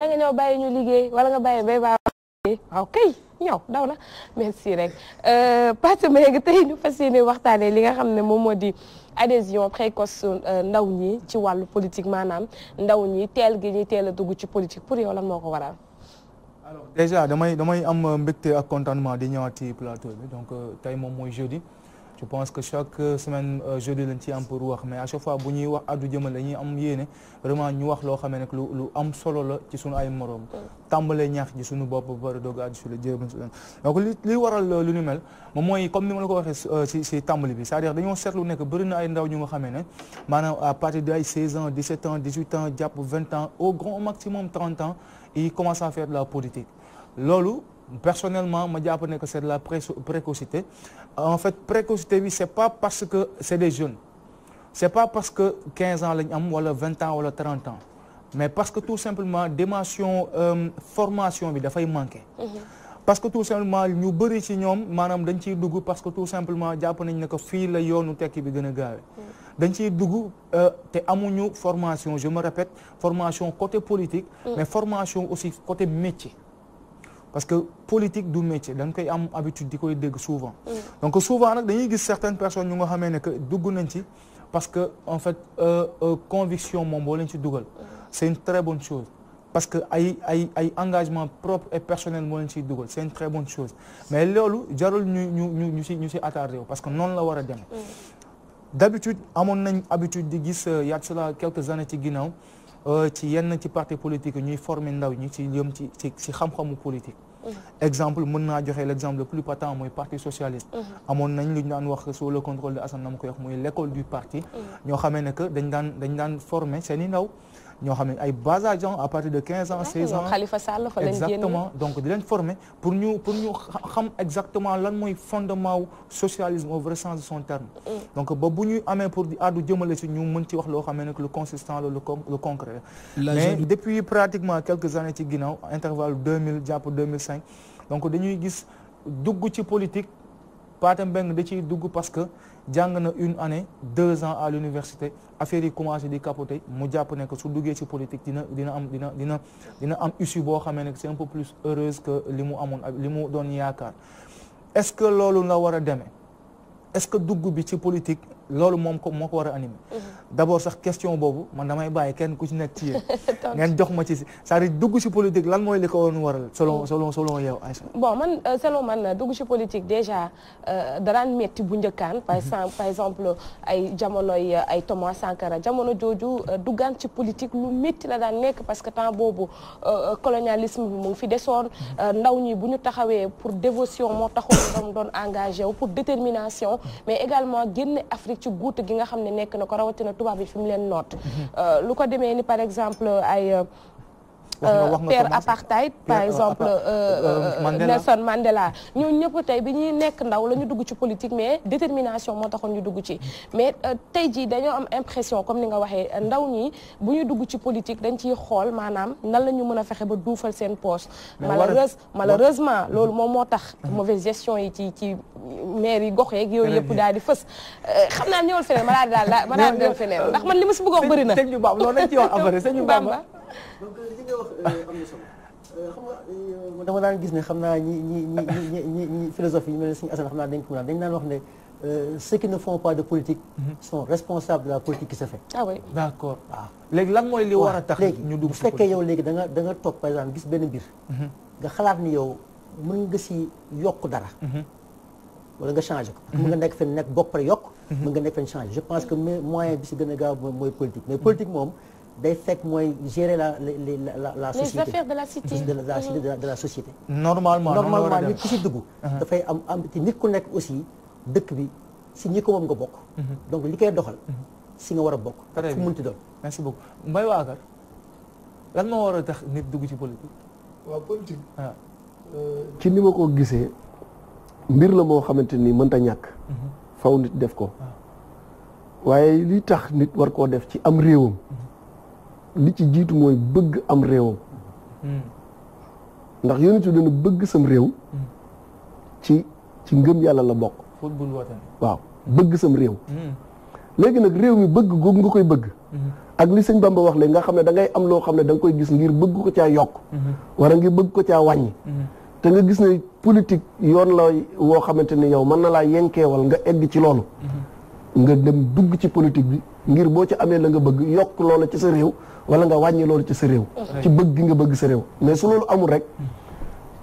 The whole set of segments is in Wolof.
da nga bàyyi ñu liggéey wala nga bàyyi bay baa waaw kay ñëw daw la merci rek euh, Pathé Mbengue tey ñu fas yéene waxtaanee li nga xam ne moom moo di adhésion précoce euh, ndaw ñi ci wàllu politique maanaam ndaw ñi teel gi ñuy teel a dugg ci politique pour yow lan moo ko waral. alors déjà damay damay am mbégte a contentement di ñëwaat ci plateau bi donc euh, tey moom mooy jeudi. je pense que chaque semaine euh, jeudi lañ ci am pour wax mais à chaque fois bu ñuy wax addu jëmale dañuy am yéene vraiment ñu wax loo xam ne lu lu am solo la ci suñu ay moroom tàmbalee ñaax ji suñu bopp ba pare doog a addu si la jërëjëf donc li li waral euh, lu ni mel moom mooy comme ni ma la ko waxee euh, si si tàmbali bi c'est-à-dire dañoo seetlu nekk bëri ay ndaw ñu nga xamee ne maanaam à partir de ay 16 ans 17 ans 18 ans jàpp 20 ans au grand maximum 30 ans ils commencent à faire de personnellement ma jàpp ne que c'est de la précocité en fait précocité bi c'est pas parce que c'est des jeunes c'est pas parce que 15 ans lañ am wala 20 ans wala 30 ans mais parce que tout simplement dimension euh, formation bi dafay manquer. Mhm. parce que tout simplement ñu bëri ci ñoom maanaam dañ ciy dugg parce que tout simplement jàpp nañ ne que fii la yoonu tekki bi gën a gaawe mhm. dañ ciy dugg euh, te amuñu formation je me répète formation côté politique. Mhm. formation aussi côté métier. parce que politique du métier danga koy am habitude di koy dégg souvent. Mm. donc souvent nag dañuy gis certaines personnes ñu nga xamee ne que dugg nañ ci parce que en fait euh, euh, conviction moom boo lañ ci dugal. Mm. c' une très bonne chose. parce que ay ay ay engagement propre personnel moo leen ciy dugal c' est une très mais loolu jarul ñu ñu ñu ñu si ñu si attardé parce que noonu la war a demee. Mm. d' habitude amoon nañ habitude di gis euh, y a cela quelques années ci ginnaaw. Euh, ci yenn ci parti politique ñuy former ndaw ñi ci yëm ci ci ci xam-xamu politique. Mm-hmm. exemple mën naa joxe l' exemple le plus patent mooy parti socialiste. Mm-hmm. amoon nañ lu ñu daan wax sous le contrôle de Assane na ma koy wax muy l' école du parti. Mm-hmm. ñoo xamee ne que dañ daan dañ daan former seen ndaw. ñoo xam ne ay bas à partir de 15 ans 16 ans Khalifa Sall fa leen génn exactement donc lan mooy fondement wu socialisme au vrai de son terme. Mm. donc ba bu ñuy amee pour di àddu jëmale ci ñu mën ci wax loo xam ne nag lu consistant la lu concret mais depuis pratiquement quelques années ci ginnaaw intervalle 2000 jàpp 2005 donc dañuy gis dugg ci politique Pathé Mbeng da dugg parce que. jàng na une année deux ans à l'université affaire yi commencé di capoter mu jàpp ne que su duggee ci politique dina dina am dina dina dina am issue boo xamee ne c'est un peu heureuse que li mu amoon li mu doon yaakaar est-ce que loolu nga war a demee est-ce que dugg bi ci politique loolu moom ko moo ko war a animé mhm. d' sax question boobu man damay bàyyi kenn ku ci nekk ci yéen ngeen jox ma ci c'est-à-dire dugg ci politique lan mooy li ko woon waral selon mhm. selon selon yow Aïcha bon man euh, selon dugg ci politique déjà euh, daraan metti bu njëkkaan mhm. par exemple par exemple ay jamonoy euh, ay Thomas Sankara jamono jooju duggaan ci politique lu métti la daan nekk parce que temps boobu colonialisme bi moom ngi fi desoon ndaw ñi bu ñu taxawee pour dévotion moo taxoon doon engagé wu pour détermination mais également génne Afrique ci guut gi nga xam ne nekk na ko rawatina tubaab yi fi mu leen noot mm-hmm. euh, lu ko demee ni par exemple ay euh, Euh, père apartheid par euh, exemple euh, Nelson Mandela ñoo ñëpp tey bi ñuy nekk ndaw la ñu dugg ci politique mais détermination moo taxoon ñu dugg ci mais tey jii dañoo am impression comme ni nga waxee ndaw ñi bu ñuy dugg ci politique dañ ciy xool maanaam nan la ñu mën a fexe ba duufal seen poche malheureuse malheureusement mhm. loolu moom moo tax mauvaise gestion yi ci ci maire yi gox yeeg yooyu yëpp daal di fës xam naa ñëwal feneen ma daal di daal ma daal di dem feneen ndax man li ma a wax bëri na sëñ bi Bamba loolu donc euh, li nga wax euh, am na solo euh, xam dama daan gis ne xam naa ñi ñi ñi ñi ñi ñi philosophie yi mel ne suñu asan xam naa dañ ko mën a dañ daan wax ne ceux qui ne font pas de politique. Mhm. sont responsables de la politique qui se fait. ah, ah. léegi lan mooy li ñu dugg fekkee yow léegi da nga da nga toog par exemple gis benn mbir. Mhm. nga xalaat ni yow mën nga si yokk dara. Mhm. wala nga changé ko. mën nga nekk fenn nekk bokk pare yokk. mën nga nekk fenn changé je pense que moyen bi si gën a gaaw mooy politique mais politique moom. day fekk mooy gérer la la la société de la cité de la de la de la société. normalement normalement nit ku si dugg. Uh-huh. dafay am am te nit ku nekk aussi dëkk bi si ñi ko moom nga bokk. Uh-huh. donc li koy doxal. si uh-huh. nga war a bokk. très fu munti doon. merci beaucoup Mbaye Waakar lan moo war a tax nit dugg ci politique. waaw politique. Ah. Euh, ci ni ma ko gisee mbir la moo xamante ni mënta ñàkk. faw nit def ko. Ah. waaye li tax nit war koo def ci am réewam. li ci jiitu mooy bëgg am réewam hmm. ndax yonent bi dana bëgg sam réew hmm. ci ci ngëm yàlla la bokk waaw bëgg sam réew hmm. léegi nag réew mi bëgg googu nga koy bëgg ak li sëñ Bamba wax léegi nga xam ne da ngay am loo xam ne da koy gis ngir bëgg ko caa yokk wala ngir bëgg ko caa wàññi te nga gis ne politique yoon la woo xamante ne yow mën na laa yenkeewal nga egg ci loolu nga dem dugg ci politique bi ngir boo ci amee la nga bëgg yokk loola ci sa réew wala nga wàññi loolu ci sa réew ci bëgg gi nga bëgg sa réew mais su loolu amul rek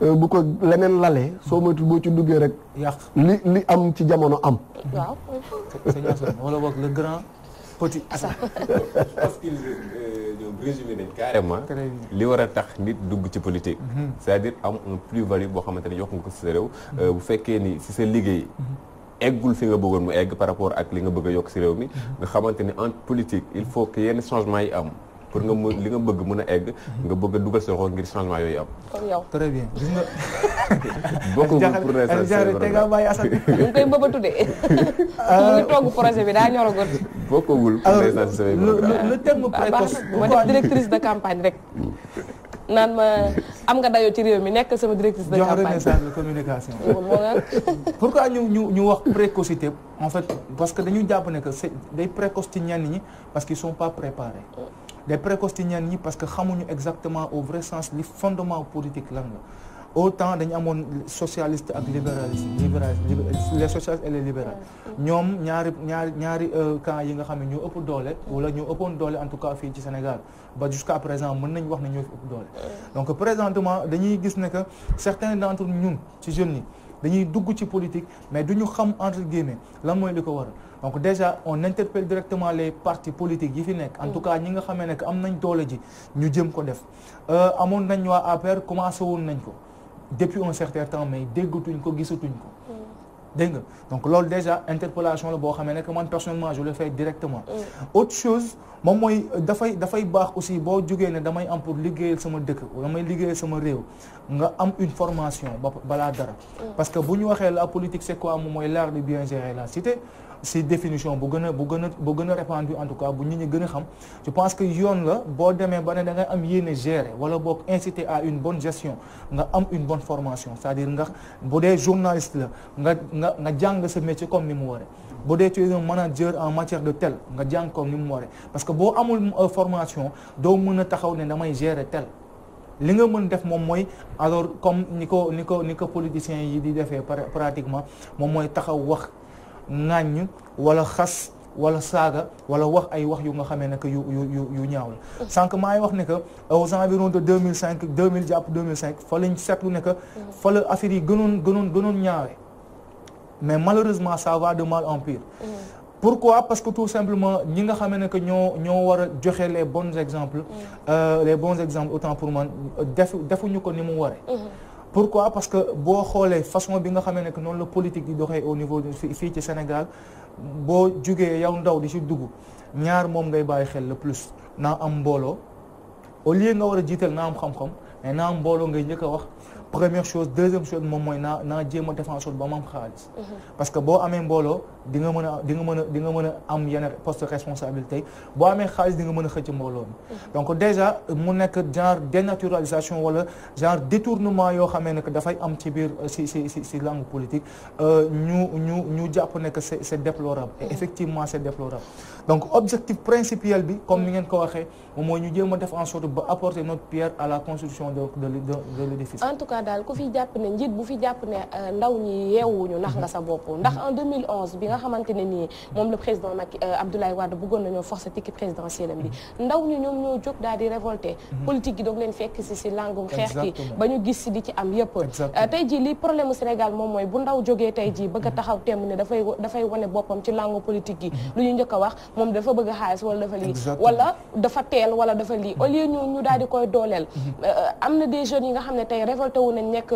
euh, bu ko leneen lalee soo moytu boo ci duggee rek yàq li li am ci jamono am waaw wala boog le grand petit Assane parce que euh, ñoom résumé li war a tax nit dugg ci politique mm-hmm. c'est-à-dire am un plus value boo xamante ne yokk nga ko ci sa réew mm-hmm. euh, bu fekkee nii si sa liggéey mm-hmm. eggul fi nga bëggoon mu egg par rapport ak li nga bëgg yokk si rew mi mhm. nga xamante ni en politique il faut que yenn changement yi am pour nga mu li nga bëgg mën a egg mhm. nga bëgg a dugal sa xol ngir changement yooyu am. comme yow très pour ne sa sa te nga bàyyi Assane. mu ngi koy mbëbëtu de. Euh, mu ngi togg projet bi pour ne sa sa le terme ah, précoce. ma def directrice de campagne rek mm. naan ma. am nga dayoo ci réew mi nekk sama directrice de campagne jox message de communication. pourquoi ñu ñu wax précocité en fait parce que dañu jàpp ne que c'est day précoce ci ñenn ñi parce qu'ils sont pas préparés. day précoce ci ñenn ñi parce que xamuñu exactement au vrai sens li fondement politique lan la. autant dañu amoon socialiste ak libéraliste libéraliste les socialistes et les libéraux ñoom ñaari ñaari ñaari euh, camp yi nga xam ne ñoo ëpp doole wala ñoo ëppoon doole en tout cas fii ci Sénégal ba jusqu'à présent mën nañ wax ne ñoo fi ëpp doole donc présentement dañuy gis ne que certains d'entre ñun ci jeunes yi dañuy dugg ci politique mais ñu xam entre guillemets lan mooy li ko waral donc déjà on interpelle directement les parti politiques yi fi nekk en tout cas ñi nga xamee ne que am nañ doole ji ñu jëm ko def euh, amoon nañ waa APR commencé woon nañ ko depuis un certain temps mais déggatuñ ko gisatuñ ko. Mm. dégg nga donc loolu déjà interpellation la boo xamee ne que man personnellement je le fais directement. Mm. autre chose moom mooy dafay dafay baax aussi boo jógee ne damay am pour liggéeyal sama dëkk damay liggéeyal sama réew nga am une formation ba balaa dara. Mm. parce que bu ñu waxee la politique c'est quoi moom mooy l'art de bien gérer la cité. si définition bu gën a bu gën a bu gën a répandu en tout cas bu nit ñu gën a xam je pense que yoon la boo demee ba ne da am yéene gérer wala boo inciter à une bonne gestion nga am une bonne formation cest dire nga bu dee journaliste la nga nga nga jàng sa métier comme ni mu waree. bu dee tu es un manager en matière de tel nga jàng comme ni mu waree parce que boo amul euh, formation doo mën a taxaw ne damay gérer tel. li nga mën def moom mooy alors comme ni ko ni ko ni ko politiciens yi di defee pratiquement moom mooy taxaw wax. ŋàññ wala xas wala saaga wala wax ay wax yu nga xamee ne que yu yu yu yu ñaaw la mm. sànq maa ngi wax ne que aux environs de 2005 2000 jàpp 2005 fa lañ seetlu ne que mm. fa la affaire yi gënoon gënoon gënoon ñaawe mais malheureusement ça va de mal en pire mm. pourquoi parce que tout simplement ñi nga xamee ne que ñoo ñoo war joxe les bons exemples euh, les bons exemples autant pour man defu defuñu ko ni mu waree mm-hmm. pourquoi parce que boo xoolee façon bi nga xamee ne que noonu la politique di doxee au niveau fii ci Sénégal boo jugee yow ndaw di ci dugg ñaar moom ngay bàyyi xel la plus naa am mbooloo au lieu nga war a jiital naa am xam-xam mais naa am mbooloo ngay njëkk a wax première chose deuxième chose moom mooy naa naa jéem a défense ba ma am xaalis mhm. parce que boo amee mbooloo di nga mën a di nga a a am yenn poste de responsabilité boo amee xaalis di nga mën a xëcc mbooloo mi mhm. donc déjà mu nekk genre dénaturalisation wala genre détournement yoo xamee ne dafay am ci biir si si si si langue politique euh, ñu ñu ñu jàpp ne que c'est c'est déplorable et mhm. effectivement c'est déplorable donc objectif principal bi comme ni ngeen ko waxee moom mooy ñu jéem a def en sorte ba apporter notre pierre à la construction de de de l'édifice en tout cas daal ku fi jàpp ne njiit bu fi jàpp ne euh, ndaw ñi yeewuñu mhm. ndax nga nga xamante ne nii moom le président Macky euh, Abdoulaye Wade bëggoon nañoo forcer tikki présidentielle am bi ndaw ñu ñoom ñoo jóg daal di révolté gi mhm. doog leen fekk si si xeex gi ba ñu gis si di ci am yëpp euh, tey jii li problème Sénégal moom mooy bu ndaw jógee tey jii bëgg a mhm. taxaw temm ne dafay dafay wane boppam ci langu politique gi mhm. lu ñu njëkk a wax moom dafa bëgg a xaalis wala dafa lii wala dafa teel wala dafa lii au lieu ñu ñu koy dooleel euh, am na des a nekk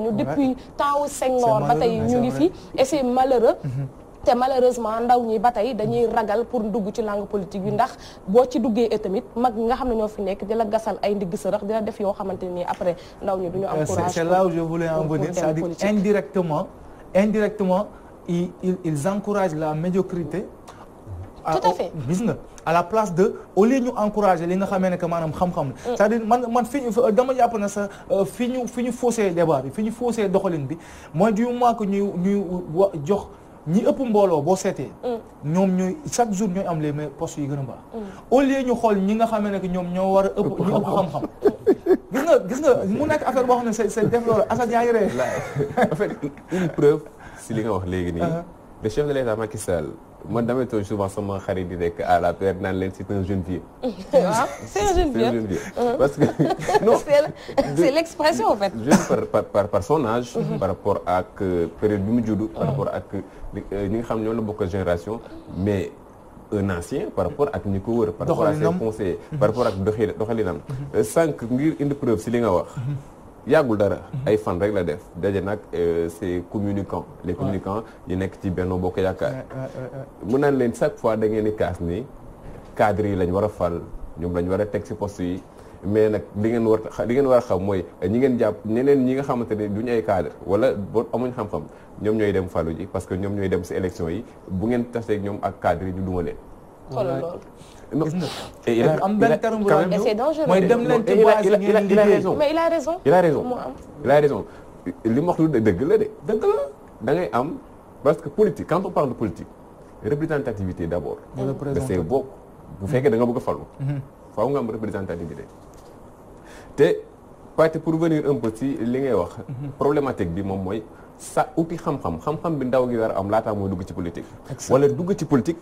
lañu depuis temps Senghor ba tey ñu ngi fi et c'est malheureux mm-hmm. te malheureusement ndaw ñi ba tey dañuy ragal pour dugg ci langue politique bi ndax boo ci duggee et tamit mag nga xam ne ñoo fi nekk di la gasal ay ndigg sërëx di la def yoo xamante nii après ndaw ñi duñu am euh, courage c'est là où je voulais dire indirectement indirectement ils ils encouragent la médiocrité Ah, tout à oh, fait gis nga à la place de au lieu ñu encourager li nga xamee ne que maanaam xam-xam la mm. c'est-à-dire man fi dama jàpp na sa euh, fi ñu fi ñu faussé débat bi fi ñu foosee doxalin bi mooy du moment que ñuy ñuy wa jox ñi ëpp mbooloo boo seetee mm. ñoom ñooy chaque jour ñooy am les mais post yu gën a baax mm. au ñu xool ñi nga xamee ne que ñoom ñoo war a ëpp xam-xam gis nga gis nga mu nekk affaire boo xam ne c'est def loolu Assane yaa ngi ree en fait une preuve si li nga wax léegi nii uh-huh. le chef man damay toog souvent sama xarit di nekk à la période naan leen c'est un jeune vieux. Ah, uh-huh. parce que. non c'est l'expression par par par par son âge. Uh-huh. par rapport ak euh, période bi mu juddu. par uh-huh. rapport ak euh, ñi nga xam ñoo la bokk génération mais. un ancien par rapport ak ñi ko wër. par rapport ak ses conseillers. par rapport ak doxalinam. sànq euh, ngir indi preuve si li nga wax. yàggul dara. Mhm. ay fan rek la def daje nag euh, c'est communicant. les communicants yi nekk ci Benno Bokk Yaakaar. mun naan leen chaque fois da ngeen di kaas ni cadre yi lañ war a fal ñoom lañ war a teg ci post yi mais nag li ngeen war li ngeen war a xam mooy ñi ngeen jàpp ñeneen ñi nga xamante ne duñu ay cadre wala boo amuñ xam-xam ñoom ñooy dem falu ji parce que ñoom ñooy dem ci élection yi bu ngeen tasee ñoom ak cadre yi ñu duma leen. am benn terme bu mais c'est a raison il a raison a raison li mu wax lu dëgg la de dëgg la da ngay am parce que politique quand on parle de politique représentativité d'abord bu fekkee da nga bëgg a falu mm-hmm. faaw am représentativité te Pathé pour venir un peu wax mm-hmm. problématique bi moom mooy sa uti xam-xam xam-xam bi ndaw gi war a am laataa mooy dugg ci politique. wala dugg ci politique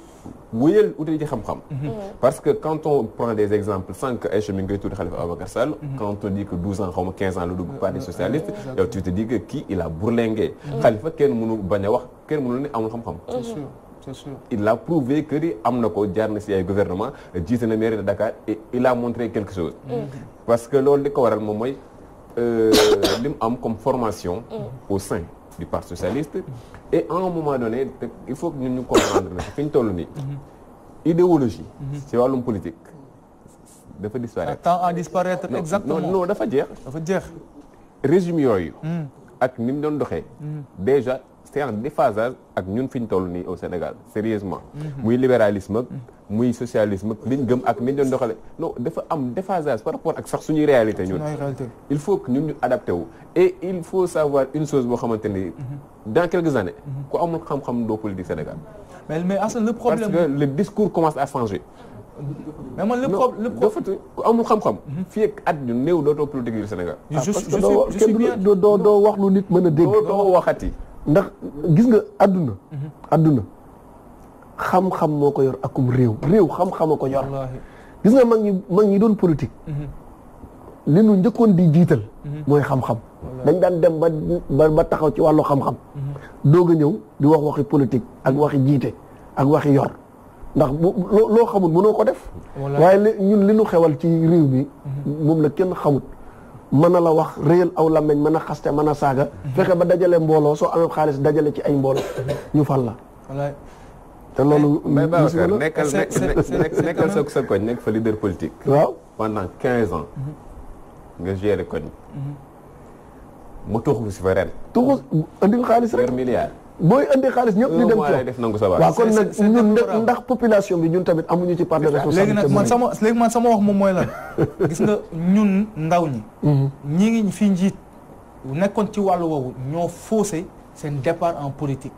wéyal uti ci xam-xam. Mhm. parce que quand on prend des exemples sànq Aïcha eh, mi ngi koy tudd Khalifa Ababacar Sall. Mhm. quand on dit que 12 ans xaw ma 15 dugg parti socialiste. yow tu te dis que kii il a mhm. kenn mënu bañ wax kenn mënu ne amul xam-xam. il a prouvé am na ko jaar na si ay gouvernement jiite na mairie de Dakar et montre a quelque chose. parce que loolu li ko waral moom mooy euh, li mu am comme formation. au du Parti socialiste et à un moment donné il faut que ñun ñu comprendre ne fi ñu toll nii idéologie mhm. ci wàllum politique dafa disparaître exactement non dafa jeex dafa jeex régime yooyu hmm. ak ni doon doxee hmm. déjà c'est en déphasage ak ñun fi ñu toll nii au Sénégal sérieusement mhm. muy libéralisme ak mhm. muy socialisme ak liñ gëm ak niñ doon doxale non dafa am déphasage par rapport ak sax suñuy réalité ñun il faut que ñun ñu adapté wu et il faut savoir une chose boo xamante mhm. dans quelques années ku amul xam-xam doo politique Sénégal le discours commence à changer mais doo wax lu nit mën a dégg. ndax gis nga àdduna àdduna mhm. xam-xam moo ko yor akum réew réew xam-xam a ko yor gis nga mag ñi mag doon politique mhm. li nu njëkkoon di jiital mhm. mooy xam-xam dañ daan dem ba ba taxaw ci wàllu xam-xam doog a ñëw di wax waxi politique ak waxi jiite ak waxi yor ndax bu loo xamul mënoo ko def waaye ñun li nu xewal ci réew mi moom la kenn xamut mën a la wax réyal aw làmmeñ mën a xaste mën a saaga fexe ba dajale mbooloo soo amee xaalis dajale ci ay mbooloo ñu fal la te loolu nekkal nekkal sa sa koñ nekk fa leader politique waaw pendant quinze ans nga géré koñ mhm. mu tuxu si fa ren tuxu andi nga xaalis rek milliard booy indi xaalis ñëpp ñu dem ci waaw kon nag ñun ndax population bi ñun tamit amuñu ci part de responsabilité. léegi nag man sama léegi man sama wax moom mooy lan gis nga ñun ndaw ñi. Mhm. ñi ngi fi njiit nekkoon ci wàllu woowu ñoo faussé seen départ en politique.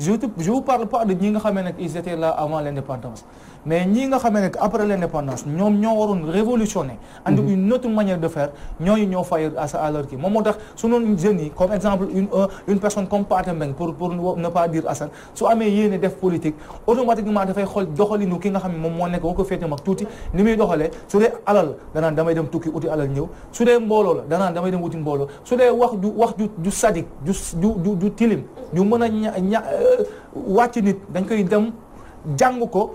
je te je vous parle pas de ñi nga xamee ne ils étaient là avant l' mais ñi nga xamee ne après l' ñoom ñoo waroon révolutionner andi mhm. une autre manière de faire ñooñu ñoo fay à sa moom moo tax suñu jeunes yi comme exemple une personne comme Pathé Mbeng pour ne pas dire Assane su amee yéene def politique automatiquement dafay xool doxalinu ki nga xam moom moo nekk woo ko féete mag tuuti ni muy doxalee su dee alal danaan damay dem tukki ña euh, wàcc nit dañ koy dem jàng ko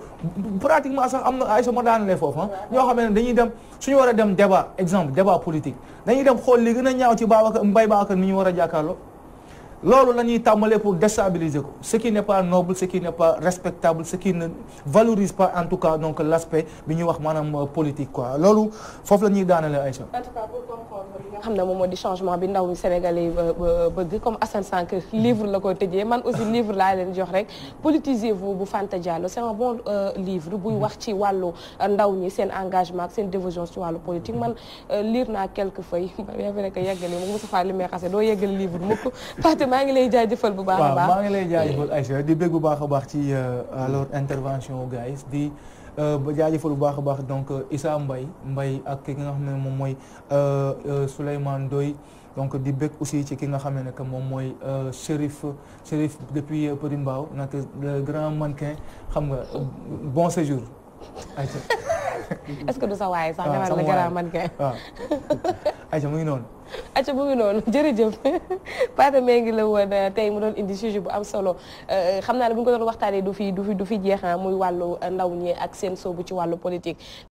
pratiquement sax am na ay sama daanalee foofu ah ñoo xam ne dañuy dem suñu war a dem débat exemple débat politique dañuy dem xool li gën a ñaaw ci Babacar Mbaye Babacar ni ñu war a jàkkaarloo loolu la ñuy tàmbalee pour déstabiliser ko ce qui n'est pas noble ce qui n'est pas respectable ce qui ne valorise pas en tout cas donc l'aspect bi ñuy wax maanaam euh, politique quoi loolu foofu la ñuy daanalee Aïcha nga xam ne moom moo di changement bi ndaw mi Sénégalais yi bëgg comme Assane Sank livre la ko tëjee man aussi livre laa leen jox rek politisez-vous bu Fanta Diallo c'est un bon euh, livre buy wax ci wàllu euh, ndaw ñi seen engagement ak seen dévotion ci wàllu politique man euh, lire naa quelques feuilles bien vrai que yeggali moom Moussa Fall li may xase doo yeggali livre mukk Fatou maa a baax maa ngi lay jaajëfal Aïcha di bég bu baax a baax ci alors intervention gars yi di ba euh, jaajëfal bu baax a baax donc euh, Issa mbay mbay ak ki nga xam ne moom mooy euh, Souleymane doy donc di bëgg aussi ci ki nga xam ne que moom mooy Chérif Chérif depuis Petit Mbao nag le grand mannequin xam nga bon séjour. est-ce que du sa waay sax demal ah, le grand mannequin ah. ayca mu ngi noonu. acca mu ngi noonu jërëjëf Pathé ngi la woon euh, tey mu doon indi sujet bu am solo euh, xam naa ne bu ñu ko doon waxtaanee du fi du fi du fi jeex ah, muy wàllu euh, ndaw ñi ak seen soobu ci wàllu politique.